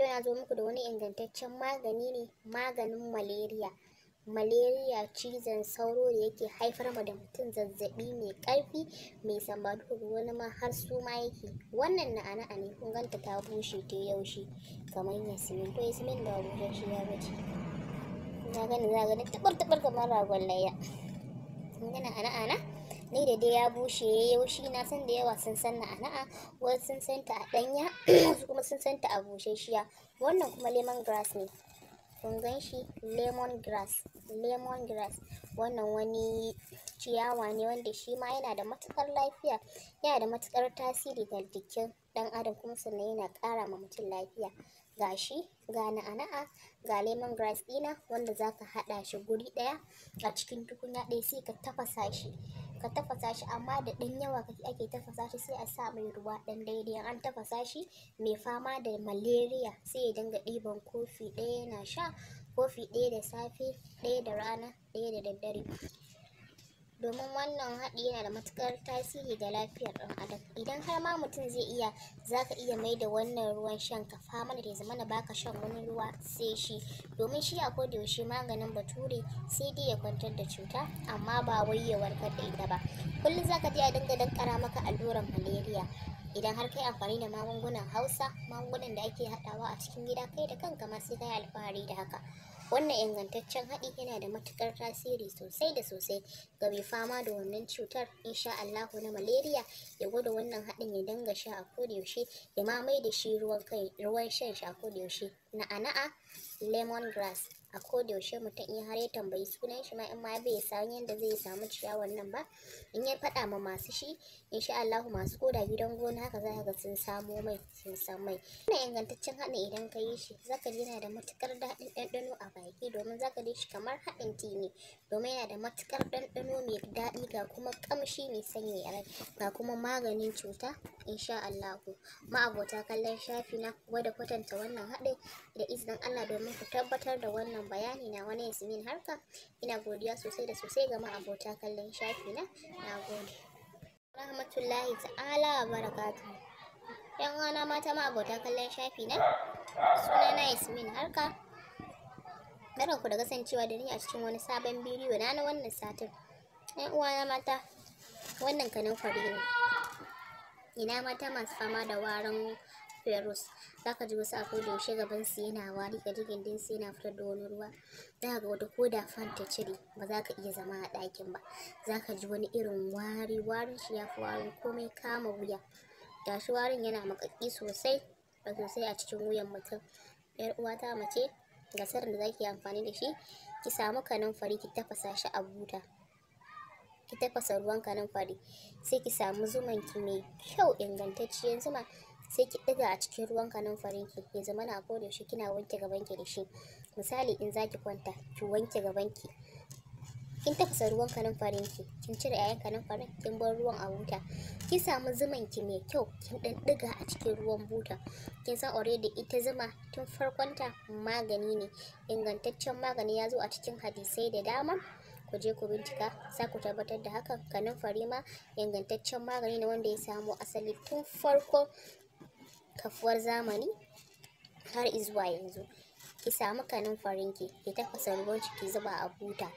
yau na zo muku da wani ingantaccen magani ne maganin malaria malaria cizon sauro da yake haifar ma da mutum zazzabi mai ƙarfi mai sambatu wani ma har ma yake wannan na ana ne kun ganta ta bushe ta yaushe kamar simin to yasmin ba bushe shi ya bace na gani za gani tabar tabar kamar ragon layya kun gana ana ana ni da dai ya bushe ya yaushi na san da yawa sun san na ana'a wasu sun san ta a danya wasu kuma sun san ta a busheshiya wannan kuma lemon grass ne kun gan shi lemon grass lemon grass wannan wani ciyawa ne wanda shi ma yana da matukar lafiya yana da matukar tasiri ga jikin dan adam kuma sannan yana kara ma mutum lafiya ga shi ga na'ana'a ga lemon grass ɗina wanda zaka hada shi guri daya a cikin tukunya daya sai ka tafasa shi ka tafasa shi amma da ɗan yawa ake tafasa shi sai a sa mai ruwa ɗan daidai an tafasa shi mai fama da malaria sai ya dinga ɗiban kofi ɗaya yana sha kofi ɗaya da safe ɗaya da rana ɗaya da daddare domin wannan haɗi yana da matuƙar tasiri ga lafiyar ɗan adam idan har ma mutum zai iya zaka iya mai da wannan ruwan shan ka fama da zama na baka shan wani ruwa sai shi domin shi a koda yaushe maganin bature sai dai ya kwantar da cuta amma ba wai ya warkar da ita ba kullum za ka je a dinga dankara maka alluran malaria idan har kai amfani da magungunan hausa magungunan da ake haɗawa a cikin gida kai da kanka ma sai kai alfahari da haka wannan ingantaccen haɗi yana da matukar tasiri sosai da sosai ga mai fama da wannan cutar insha Allahu na malaria ya gwada wannan haɗin ya danga sha a yaushe ya ma mai da shi ruwan kai ruwan shan shi a naa lemon grass a yaushe mutum in har ya tambayi sunan shi ma in ma bai san yadda zai samu ciyawar nan ba in ya faɗa ma masu shi insha Allahu masu koda gidan gona haka za ga sun samo mai sun san mai ina ingantaccen haɗin idan ka yi shi ka ji yana da matukar daɗin ɗanɗano a baki domin za ka ji shi kamar haɗin ti ne domin yana da matukar ɗanɗano mai daɗi ga kuma ƙamshi mai sanyi a ga kuma maganin cuta insha Allahu ma'abota kallon shafi na gwada kwatanta wannan haɗin da izinin Allah domin ku tabbatar da wannan wannan bayani na wani Yasmin Harka ina godiya sosai da sosai ga ma'abota kallon shafi na Na gode rahmatullahi ta'ala wa barakatuhu yan uwana mata ma'abota kallon shafi na suna na Yasmin Harka ku da kasancewa da ni a cikin wani sabon bidiyo na na wannan satin yan uwana mata wannan kanin kwari ne ina mata masu fama da warin lafiyar Rose zaka ji wasu akwai da yaushe gaban su yana wari ka ji gindin su yana fitar da wani ruwa ka ga wata koda fan ta cire ba za ka iya zama a ɗakin ba za ka ji wani irin wari warin shi ya fi warin komai kama wuya gashi warin yana makaki sosai ba sosai a cikin wuyan mutum yar uwata mace gasar da zaki amfani da shi ki samu kanin fari ki tafasa shi a buta ki tafasa ruwan kanin fari sai ki samu zuman ki mai kyau ingantacciyar zuma sai ki ɗiga a cikin ruwan kanunfarin ki ya na a da shi kina wanke gaban ki da shi misali in zaki kwanta ki wanke gaban ki kin tafasa ruwan kanunfarin ki kin cire 'ya'yan kanunfarin kin bar ruwan a buta kin samu zuman ki mai kyau kin ɗanɗiga a cikin ruwan buta kin san already ita zuma tun farkon ta magani ne ingantaccen magani ya zo a cikin hadisai da dama ku je ku bincika za ku tabbatar da hakan kanunfari ma ingantaccen magani ne wanda ya samo asali tun farkon kafuwar zamani har izuwa yanzu ki samu kanumfarin ki ki tafasa ruwan ki ki zuba a buta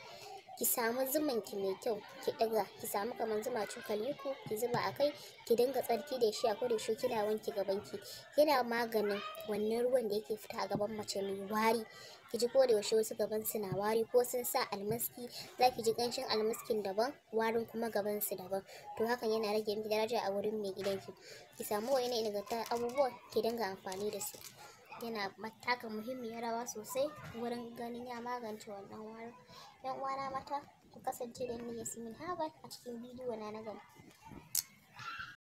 ki samu zuman ki mai kyau ki ɗaga ki samu kamar zuma cokali ku ki zuba a kai ki dinga tsarki da shi a koda shi kina wanke gaban ki yana maganin wannan ruwan da yake fita a gaban mace mai wari ki ji ko yaushe wasu gaban su na wari ko sun sa almaski za ki ji kanshin almaskin daban warin kuma gaban su daban to hakan yana rage miki daraja a wurin mai gidanki ki samu wa'ina ingantattun abubuwan ki dinga amfani da su yana mataka muhimmiyar rawa sosai wurin ganin ya magance wannan warin. ‘Yan uwana mata, ku kasance da ni Yasmin Herbert a cikin bidiyo na na gaba.